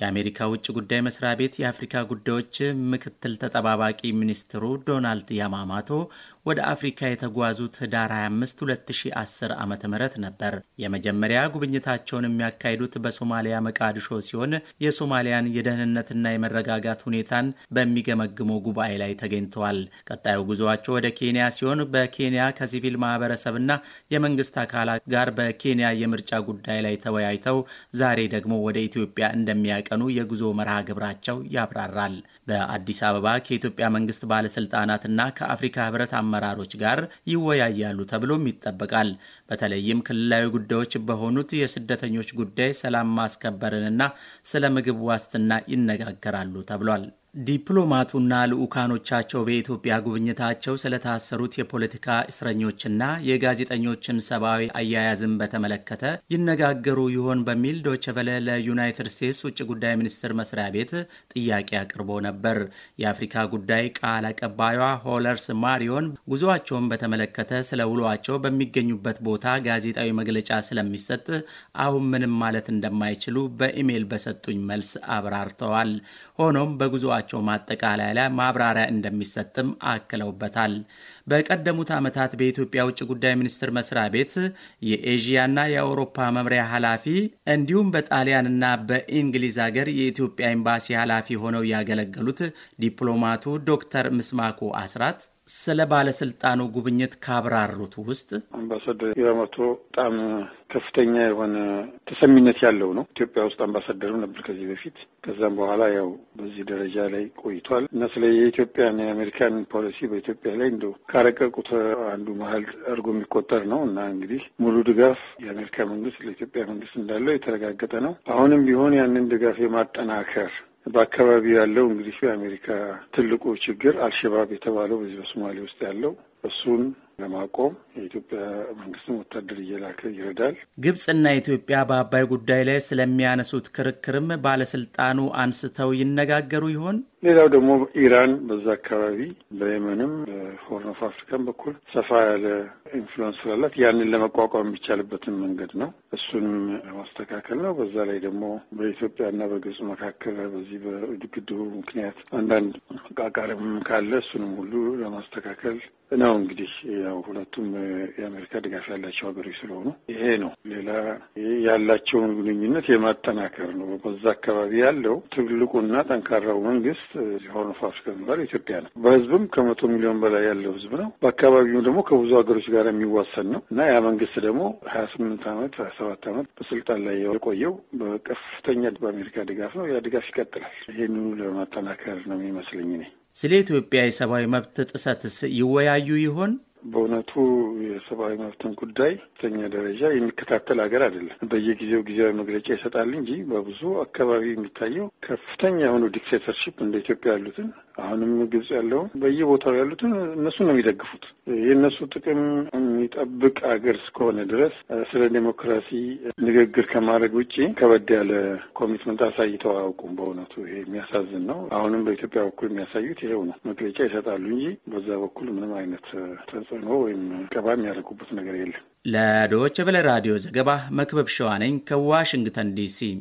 የአሜሪካ ውጭ ጉዳይ መስሪያ ቤት የአፍሪካ ጉዳዮች ምክትል ተጠባባቂ ሚኒስትሩ ዶናልድ ያማማቶ ወደ አፍሪካ የተጓዙት ህዳር 25 2010 ዓ ም ነበር። የመጀመሪያ ጉብኝታቸውን የሚያካሂዱት በሶማሊያ መቃድሾ ሲሆን የሶማሊያን የደህንነትና የመረጋጋት ሁኔታን በሚገመግመው ጉባኤ ላይ ተገኝተዋል። ቀጣዩ ጉዞቸው ወደ ኬንያ ሲሆን በኬንያ ከሲቪል ማህበረሰብና የመንግስት አካላት ጋር በኬንያ የምርጫ ጉዳይ ላይ ተወያይተው ዛሬ ደግሞ ወደ ኢትዮጵያ እንደሚያ ስለቀኑ የጉዞ መርሃ ግብራቸው ያብራራል። በአዲስ አበባ ከኢትዮጵያ መንግስት ባለስልጣናትና ከአፍሪካ ህብረት አመራሮች ጋር ይወያያሉ ተብሎም ይጠበቃል። በተለይም ክልላዊ ጉዳዮች በሆኑት የስደተኞች ጉዳይ፣ ሰላም ማስከበርንና ስለ ምግብ ዋስትና ይነጋገራሉ ተብሏል። ዲፕሎማቱና ልዑካኖቻቸው በኢትዮጵያ ጉብኝታቸው ስለታሰሩት የፖለቲካ እስረኞችና የጋዜጠኞችን ሰብአዊ አያያዝን በተመለከተ ይነጋገሩ ይሆን በሚል ዶቸቨለ ለዩናይትድ ስቴትስ ውጭ ጉዳይ ሚኒስቴር መስሪያ ቤት ጥያቄ አቅርቦ ነበር። የአፍሪካ ጉዳይ ቃል አቀባዩዋ ሆለርስ ማሪዮን ጉዞአቸውን በተመለከተ ስለ ውሏቸው በሚገኙበት ቦታ ጋዜጣዊ መግለጫ ስለሚሰጥ አሁን ምንም ማለት እንደማይችሉ በኢሜይል በሰጡኝ መልስ አብራርተዋል። ሆኖም በጉዞ በሰጧቸው ማጠቃለያ ላይ ማብራሪያ እንደሚሰጥም አክለውበታል። በቀደሙት ዓመታት በኢትዮጵያ ውጭ ጉዳይ ሚኒስቴር መስሪያ ቤት የኤዥያና የአውሮፓ መምሪያ ኃላፊ እንዲሁም በጣሊያንና በእንግሊዝ ሀገር የኢትዮጵያ ኤምባሲ ኃላፊ ሆነው ያገለገሉት ዲፕሎማቱ ዶክተር ምስማኩ አስራት ስለ ባለስልጣኑ ጉብኝት ካብራሩት ውስጥ አምባሳደር የአመቶ በጣም ከፍተኛ የሆነ ተሰሚነት ያለው ነው። ኢትዮጵያ ውስጥ አምባሳደርም ነበር ከዚህ በፊት። ከዛም በኋላ ያው በዚህ ደረጃ ላይ ቆይቷል እና ስለ የኢትዮጵያን የአሜሪካን ፖሊሲ በኢትዮጵያ ላይ እንደ ካረቀቁት አንዱ መሀል አድርጎ የሚቆጠር ነው እና እንግዲህ ሙሉ ድጋፍ የአሜሪካ መንግስት ለኢትዮጵያ መንግስት እንዳለው የተረጋገጠ ነው። አሁንም ቢሆን ያንን ድጋፍ የማጠናከር በአካባቢው ያለው እንግዲህ የአሜሪካ ትልቁ ችግር አልሸባብ የተባለው በዚህ በሶማሌ ውስጥ ያለው እሱን ለማቆም የኢትዮጵያ መንግስትም ወታደር እየላከ ይረዳል። ግብፅና ኢትዮጵያ በአባይ ጉዳይ ላይ ስለሚያነሱት ክርክርም ባለስልጣኑ አንስተው ይነጋገሩ ይሆን? ሌላው ደግሞ ኢራን በዛ አካባቢ በየመንም በምዕራብ አፍሪካን በኩል ሰፋ ያለ ኢንፍሉዌንስ ስላላት ያንን ለመቋቋም የሚቻልበትን መንገድ ነው። እሱንም ማስተካከል ነው። በዛ ላይ ደግሞ በኢትዮጵያና በግብጽ መካከል በዚህ በግድቡ ምክንያት አንዳንድ መቃቃርም ካለ እሱንም ሁሉ ለማስተካከል ነው። እንግዲህ ያው ሁለቱም የአሜሪካ ድጋፍ ያላቸው ሀገሮች ስለሆኑ ይሄ ነው። ሌላ ያላቸውን ግንኙነት የማጠናከር ነው። በዛ አካባቢ ያለው ትልቁና ጠንካራው መንግስት ሆርን ኦፍ አፍሪካ የሚባለው ኢትዮጵያ ነው። በህዝብም ከመቶ ሚሊዮን በላይ ያለው ህዝብ ነው። በአካባቢው ደግሞ ከብዙ ሀገሮች ጋር የሚዋሰን ነው እና ያ መንግስት ደግሞ ሀያ ስምንት አመት ሀያ ሰባት አመት በስልጣን ላይ የቆየው በከፍተኛ በአሜሪካ ድጋፍ ነው። ያ ድጋፍ ይቀጥላል። ይህንኑ ለማጠናከር ነው የሚመስለኝ እኔ። ስለ ኢትዮጵያ የሰብአዊ መብት ጥሰትስ ይወያዩ ይሆን? በእውነቱ የሰብአዊ መብትን ጉዳይ ተኛ ደረጃ የሚከታተል ሀገር አይደለም። በየጊዜው ጊዜያዊ መግለጫ ይሰጣል እንጂ በብዙ አካባቢ የሚታየው ከፍተኛ የሆኑ ዲክቴተርሺፕ እንደ ኢትዮጵያ ያሉትን አሁንም ግብጽ ያለውን በየቦታው ያሉትን እነሱን ነው የሚደግፉት። የእነሱ ጥቅም የሚጠብቅ ሀገር እስከሆነ ድረስ ስለ ዴሞክራሲ ንግግር ከማድረግ ውጭ ከበድ ያለ ኮሚትመንት አሳይተው አያውቁም። በእውነቱ ይሄ የሚያሳዝን ነው። አሁንም በኢትዮጵያ በኩል የሚያሳዩት ይሄው ነው። መግለጫ ይሰጣሉ እንጂ በዛ በኩል ምንም አይነት ተጽ ተጽዕኖ ወይም ገባ የሚያደርጉበት ነገር የለም። ለዶይቼ ቬለ ራዲዮ ዘገባ መክበብ ሸዋነኝ ከዋሽንግተን ዲሲ